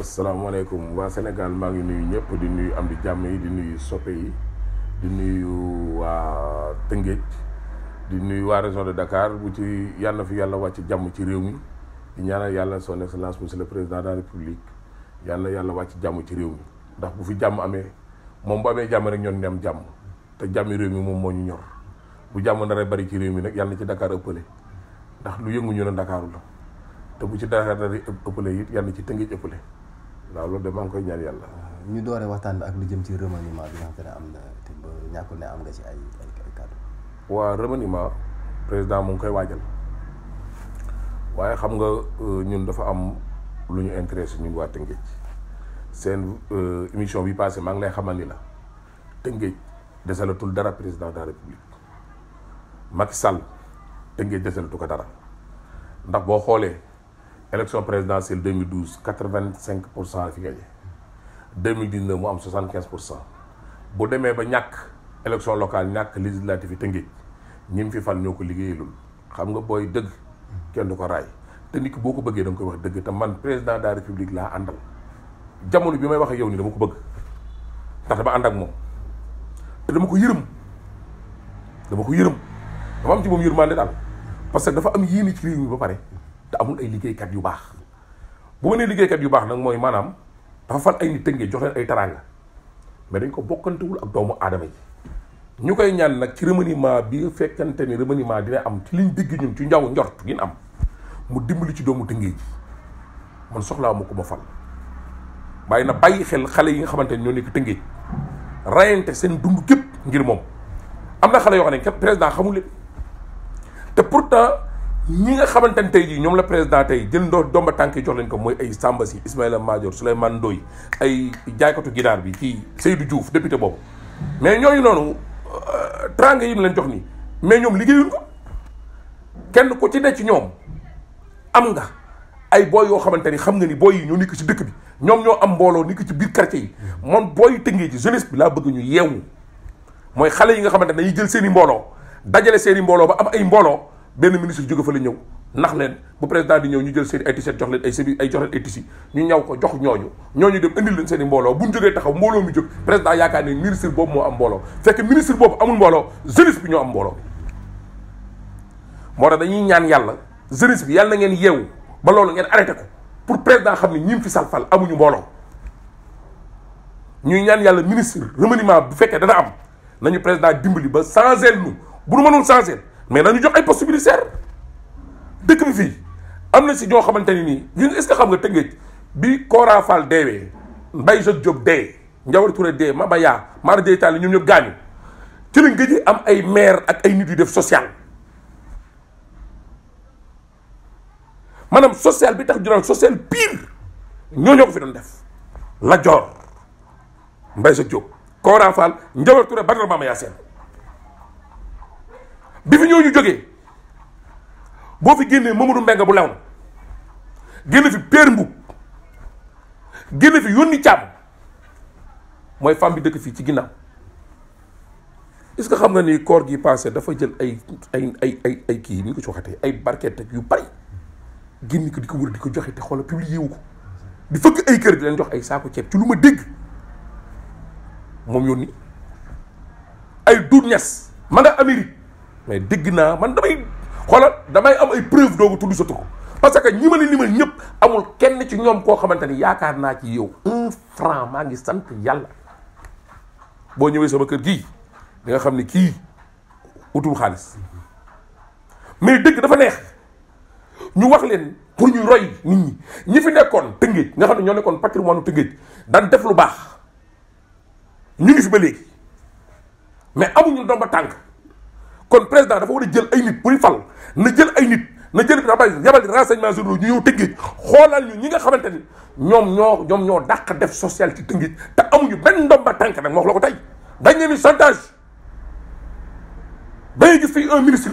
asalaamaaleykum waa Sénégal maa ngi nuyu ñëpp di nuyu am di jàmm yi di nuyu soppe yi di nuyu waa Tëngéej di nuyu waa région de Dakar bu ci yàlla fi yàlla wàcc jàmm ci réew mi di ñaanal yàlla son excellence monsieur le président de la république yàlla yàlla wàcc jàmm ci réew mi ndax bu fi jàmm amee moom bu amee jàmm rek ñoon ne am jàmm te jàmmi réew mi moom moo ñu ñor. bu jàmm dara bari ci réew mi nag yàlla na ci dakaar ëppale ndax lu yënguñu ñu ne la te bu ci Dakar dara ëppale it yàlla na ci Tëngéej ëppale waaw loolu de maa ngi koy ñaan yàlla. ñu dooree waxtaan bi ak lu jëm ci remaniement bi nga xam ne am na te ne am nga ci ay ay ay kàddu. président mu ngi koy waajal waaye xam nga euh, ñun dafa am lu ñu intéressé ñun waa Tëngéej seen euh, émission bi passé maa ngi lay xamal ni la Tëngéej desalatul dara président de la république. Macky Sall tënkee desalatu ko dara ndax boo xoolee élection présidentielle vingt cinq pour cent la fi gagné 2019 mu am quinze pour cent bu demee ba ñàkk élection locale ñàkk législative yi tënkee ñi mu fi fan ñoo ko liggéeyalul xam nga booy dëgg kenn du ko raay te nit ki boo ko bëggee da nga koy wax dëgg te man président de la république laa àndal jamono bi may wax ak yow nii dama ko bëgg ndax ànd ak moom te dama ko yërëm dama ko yërëm. dafa am ci moom yërmande daal parce que dafa am yéene ci réew mi ba pare te amul ay liggéeykat yu baax bu ma nee liggéeykat yu baax nag mooy maanaam dafa fan ay nit tëngee jox leen ay taraanga mais dañ ko bokkantewul ak doomu aadama yi ñu koy ñaan nag ci remaniement bi fekkante ni remaniement dina am ci liñ dégg ñun ci njaw njor gin am mu dimbali ci doomu tëngee ji man soxlaa ma ko ma fal bàyyi na bàyyi xel xale yi nga xamante ne ñoo nekk tëngee rayante seen dund képp ngir moom am na xale yoo xam ne képp président xamul te pourtant ñi nga xamante ne tey jii ñoom la président tey jël ndox domba tànk yi jox leen ko mooy ay Samba Sy Ismaïla Madior Souleymane doy ay jaaykatu ginaar bi kii Seydou Diouf député boobu mais ñooyu noonu euh, trang yi mu leen jox nii mais ñoom liggéeyuñ ko kenn ku ci ne ci ñoom am nga ay booy yoo xamante ni xam nga ni booy yi ñoo nekk ci dëkk bi ñoom ñoo am mbooloo nekk ci biir quartier yi moom booy yu tëngee ci bi laa bëgg ñu yeewu mooy xale yi nga xamante ne jël seen i mbooloo dajale seen i mbooloo ba am ay mbooloo benn ministre jóge fa la ñëw nax leen bu président di ñëw ñu jël seen i ay t-shirt jox ay jox leen ay tisi ñu ñaw ko jox ñooñu ñooñu dem indil leen seen i mbooloo bu ñu jógee taxaw mbooloo mi jóg président yaakaar ne ministre boobu moo am mbooloo fekk ministre boobu amul mbooloo jeunesse bi ñoo am mbooloo moo tax dañuy ñaan yàlla jeunesse bi yàlla na ngeen yeewu ba loolu ngeen arrêté ko pour président xam ne ñi fi salfal amuñu mbooloo ñuy ñaan yàlla ministre remaniement bu fekkee dana am nañu président dimbali ba changé nu bu nu mënoon changer mais nañu jox ay possibilité ministère dëkk bi fii am na si ñoo xamante ni nii ñun est ce que xam nga tëngeej bi Kora Fall deewee Mbaye Jacques Diop dee Ndiawar Touré dee Maba Yaa Mara Dieye Tall ñoom ñëpp gaañu ci la nga am ay maire ak ay nit yu def social maanaam social bi tax ñu naan social pire ñoo ñoo ko fi doon def la Dior Mbaye Jacques Diop Kora Fall Ndiawar Touré Badara Mama Yacine bi fi ñu jógee boo fi génnee Mamadou Mbengue bu lew na génn fi Père Mboup génn fi yónni càmm mooy femme bi dëkk fii ci ginnaaw est-ce que xam nga ni koor gi passé dafa jël ay ay ay ay ay kii ni ko ci ay barket ak yu bari génn ko di ko wër di ko joxee te xoolal publié wu ko di fëkk ay kër di leen jox ay saako ceeb ci lu ma dégg moom yónni ay duut ñes ma nga Amérique mais dégg naa man damay xoolal damay am ay preuve doogu tudd sa tur parce que ñi ma la limal ñëpp amul kenn ci ñoom koo xamante ni yaakaar naa ci yow un franc maa ngi sant yàlla boo ñëwee sa sama kër gi di nga xam ni kii utul xaalis mais dégg dafa neex ñu wax leen pour ñu roy nit ñi ñu fi nekkoon tëngéej nga xam ne ñoo nekkoon patrimoine u tëngéej daan def lu baax ñu ngi fi ba léegi mais amuñu domba tànk kon président dafa war a jël ay nit buy fal na jël ay nit na jël abay yabal renseignement généraux ñu ñëw tëngeej xoolal ñu ñi nga xamante ni ñoom ñoo ñoom ñoo dàq def social ci tëngeej te amuñu benn ndomba tànk nag ma wax la ko tey dañ leen di chantage dañuy gis fii un ministre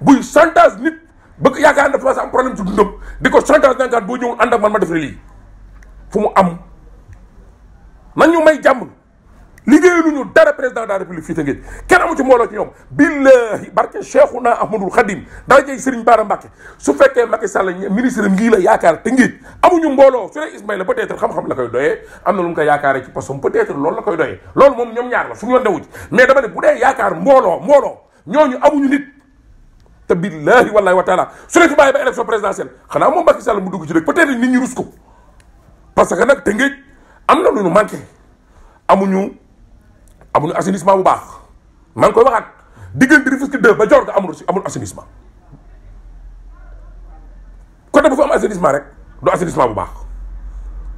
buy chantage nit bëgg yaakaar ne dafa am problème ci dundam di ko chantage nankaat boo ñëw ànd ak man ma def lii fu mu am man ñu may jàmm liggéeyaluñu dara président de la république fii Tëngéej kenn amu ci mbooloo ci ñoom billahi barke Cheikhouna Ahmadoul Khadim darajey Serigne Bara Mbacké su fekkee Macky Sall ministre ngii la yaakaar Tëngéej amuñu mbooloo su dee Ismaïla peut xam-xam la koy doyee am na lu ko yaakaaree ci la koy doyee loolu moom ñoom ñaar la suñu yoon dewu ñooñu amuñu nit te billahi wallahi wa taala su dee fi bàyyi xanaa moom Macky Sall mu dugg ci parce que nag Tëngéej am na lu ñu manqué amuñu amul assainissement bu baax man ngi koy waxaat diggante Rufisque 2 ba jor Diorga amul amul assainissement côté bu fa am assainissement rek do assainissement bu baax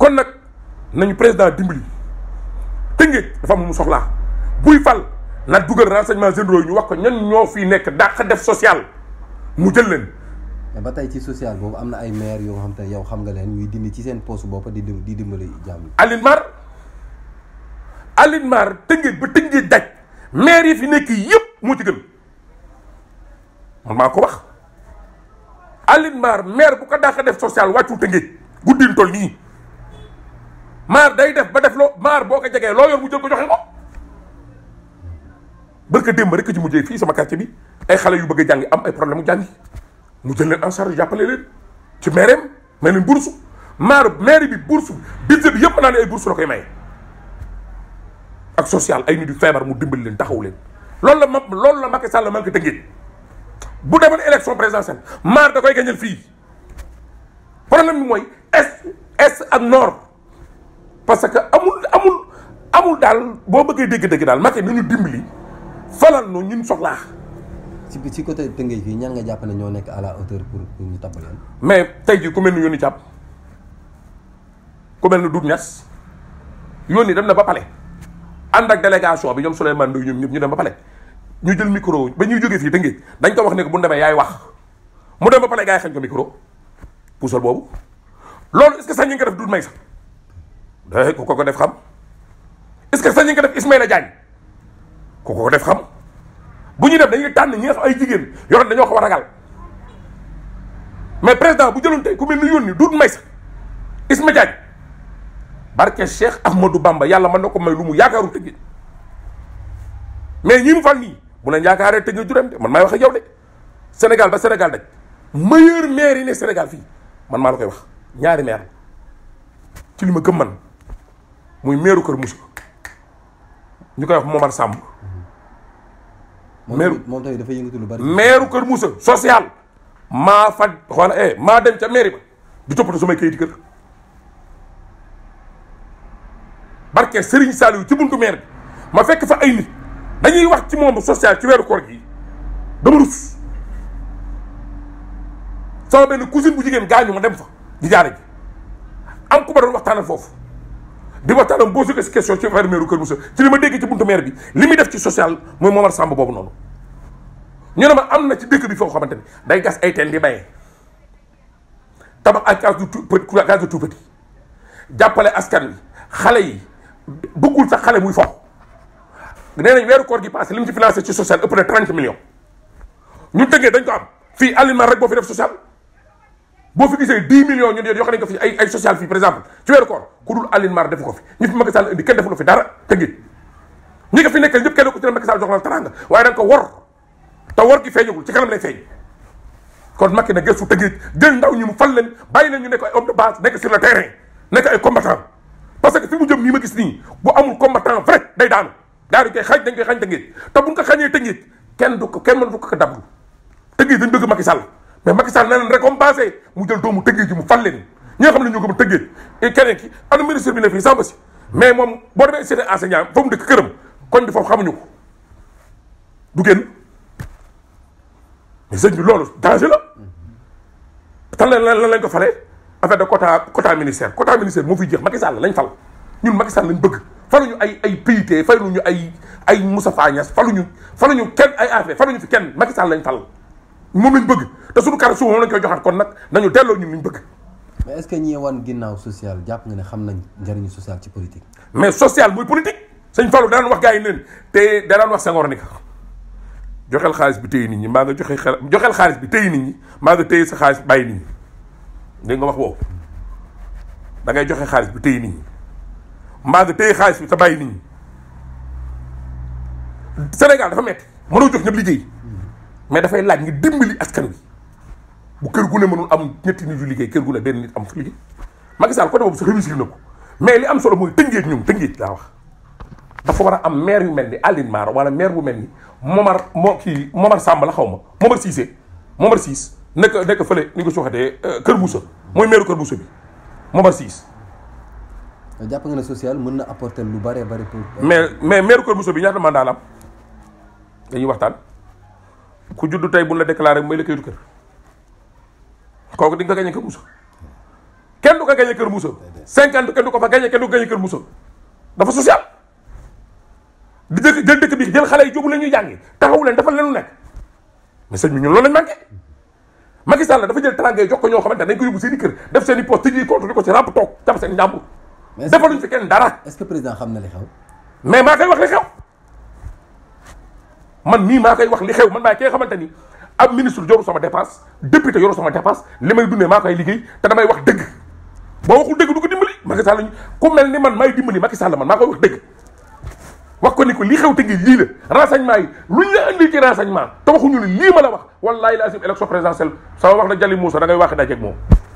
kon nak nañu président dimbali Tëngéej dafa am lu mu soxlaa buy fal na duggal renseignement généraux ñu wax ko ñan ño fi nek dàq def social mu jël leen. ba tay ci social bobu amna ay maire yo xam te yow xam nga leen ñuy dindi ci seen poste bopp di di dimbali jamm Aline Mar. Aline Mar tëngéej ba tëngéej daj maire fi nek yep mo ci gën man mako wax Aline Mar maire bu ko dàq def social waccu tëngéej guddin tol nii Mar day def ba def lo Mar boko jage lo yor mu jël ko joxe ko barka dem rek ci mujjee fi sama quartier bi ay xalé yu bëgg jang am ay problème jang mu jël len en charge jappalé len ci mairem may leen bourse Mar maire bi bourse bi yëpp naa ay bourse la koy ak social ay nit yu feebar mu dimbali leen taxaw leen loolu la ma loolu la Macky Sall manqué Tëngéej bu demoon élection présidentielle maar da koy gañal fii problème bi mooy est est ak nord parce que amul amul amul daal boo bëggee dégg-dégg daal Macky nañu dimbali falal no ñun soxlaa. ci ci côté Tëngéej fii ñan nga jàpp ne ñoo nekk à la hauteur pour pour ñu tabb leen mais tey jii ku mel ni yoonu jàpp ku mel ni Doudou Niass yoon dem na ba pale ànd ak délégation bi ñoom Souleymane Ndoye ñoom ñëpp ñu dem ba pale ñu jël micro ba ñuy jógee fii dëngéej dañ ko wax ne ko bu ñu demee yaay wax mu dem ba pale gaa yi xañ ko micro puusal boobu loolu est-ce que sañ ñu ngi ko def Doudou Maïssa day eh, ku ko ko def xam est que sañ ñu ngi ko def ku ko ko def xam bu ñu def dañuy tànn ñi ay jigéen yoo xam dañoo ko war a ragal mais président bu jëloon tey ku mel ni yónni Doudou Maïssa Ismaïla Diagne barke Cheikh Ahmadou Bamba yàlla mën na ko may lu mu yaakaaru tëggi mais ñi mu fal nii bu leen yaakaaree tëggi jurem de man maay wax ak yow de Sénégal ba Sénégal daj meilleur maire yi ne Sénégal fii man maa la koy wax ñaari maire ci li ma man muy meeru Kër Moussa ñu koy wax Momar Samb. meeru moom tamit dafa yëngatu lu bari. meeru Kër Moussa social maa fa xoola eh maa dem ca mairie ba di toppatoo samay kayiti kër. barke Serigne Saliou ci buntu meer bi ma fekk fa ay nit dañuy wax ci monde social ci weeru koor gi dama rus sama benn cousine bu jigéen gaañu ma dem fa di jaare ji am ku ma doon waxtaanal foofu di waxtaanal boo jógee si question ci affaire meeru Kër Moussa ci li ma dégg ci buntu meer bi li muy def ci social moom Momar Samb boobu noonu ñu ne ma am na ci dëkk bi foo xamante ni day gas ay teen di bayee tabax ak case du tout petit jàppale askan wi xale yi bëggul sax xale buy fo nee nañ weeru koor gi passé li mu ci financé ci social ëpp na 30 millions ñu tëggee dañ ko am fii aliment rek boo fi def social boo fi gisee 10 millions ñu ne yokk nañ ko fi ay ay social fii par exemple ci weeru koor ku dul aliment defu ko fi ñu fi Macky Sall indi kenn defu fi dara tëggee ñi ko fi nekkal ñëpp kenn ku ci ne ko wor te wor gi feeñagul ci kanam lay kon Macky na gëstu tëggee jël ndaw ñi mu fal leen bàyyi leen ñu nekk ay homme de base nekk sur le terrain nekk ay combattant parce que fi mu jëm nii ma gis nii bu amul combattant vrai day daanu daanu koy xañ dañ koy xañ tëngeet te buñ ko xañee tëngeet kenn du ko kenn mënatu ko ko dablu tëngeet dañ bëgg Macky Sall mais Macky Sall na leen récompensé mu jël doomu tëngeet ji mu fal leen ñi xam ne ñoo gëm a tëngeet et keneen ki ana ministre ne fii Samba Sy mais moom boo demee seete enseignant fa mu dëkk këram koñ bi foofu xamuñu ko du génn mais sëñ bi loolu danger la tan lan lañ ko falee affaire de quota quota ministère quota ministère moo fiy jeex Macky Sall lañ fal ñun Macky Sall lañ bëgg ñu ay ay PIT faluñu ay ay Moustapha Niasse faluñu faluñu kenn ay AFP ñu fi kenn Macky Sall lañ fal mu lañ bëgg te suñu carte suuf moom lañ koy joxaat kon nag nañu delloo ñun luñ bëgg. mais est-ce que ñi wan ginnaaw social jàpp nga ne xam nañ njëriñu social ci politique. mais social muy politique sëñ Fallou danaan wax gars yi neen te danaan wax Senghor ni joxel xaalis bi nit ñi maa nga joxe joxel xaalis bi téye nit ñi maa nga sa xaalis bàyyi nit dégg nga wax boobu da joxe xaalis bu téye nit ñi mbaa nga téye xaalis bi te bàyyi nit ñi Sénégal dafa métti mënoo jox ñëpp liggéey mais dafay laaj nga dimbali askan wi bu kër gu mënul am ñetti nit yu liggéey kër gu ne benn nit am su liggéey Macky Sall côté boobu sax réussir na ko mais li am solo mooy tëngeej ñoom tëngeej laa wax dafa war a am maire yu mel ni Aline Mar wala maire bu mel ni Momar moo kii Momar Samba la xaw ma Momar Cissé Momar Cissé nek nek fele ni ko soxate keur moussa moy maire keur moussa bi momar sis japp nga social mën na apporter lu bare bare pour mais mais maire keur moussa bi ñata mandat la dañuy waxtan ku juddu tay buñ la déclarer may la keur keur koku di nga gagner keur moussa kenn du ko gagner keur moussa 50 kenn du ko fa gagner kenn du gagner keur moussa dafa social di deuk jël dëkk bi jël xalé yi jubul lañu jangi taxaw leen dafa lañu nek mais señ bi ñu loolu lañu manké Macky Sall dafa jël teraanga yi ko ñoo xamante ne dañ ko yóbbu seen i kër def seen i tëj ko ci ràmp toog jàpp seen njàmbur defaluñ fi kenn dara est-ce que président xam na li xew mais maa koy wax li xew man wax li xew man maay ki nga xamante ni ab ministre yoru sama dépense député yoru sama dépense li may dundee maa koy liggéey te damay wax dëgg boo waxul dëgg du ko dimbali Macky Sall ku mel ni man maay dimbali Macky Sall man maa koy wax dëgg wax ko ni ko lii xew te gi lii la renseignement yi luñ la andi ci renseignement te waxuñu ne lii ma la wax wallaahi la asim élection présidentielle sama wax na Jali Moussa da ngay wax dajeeg moom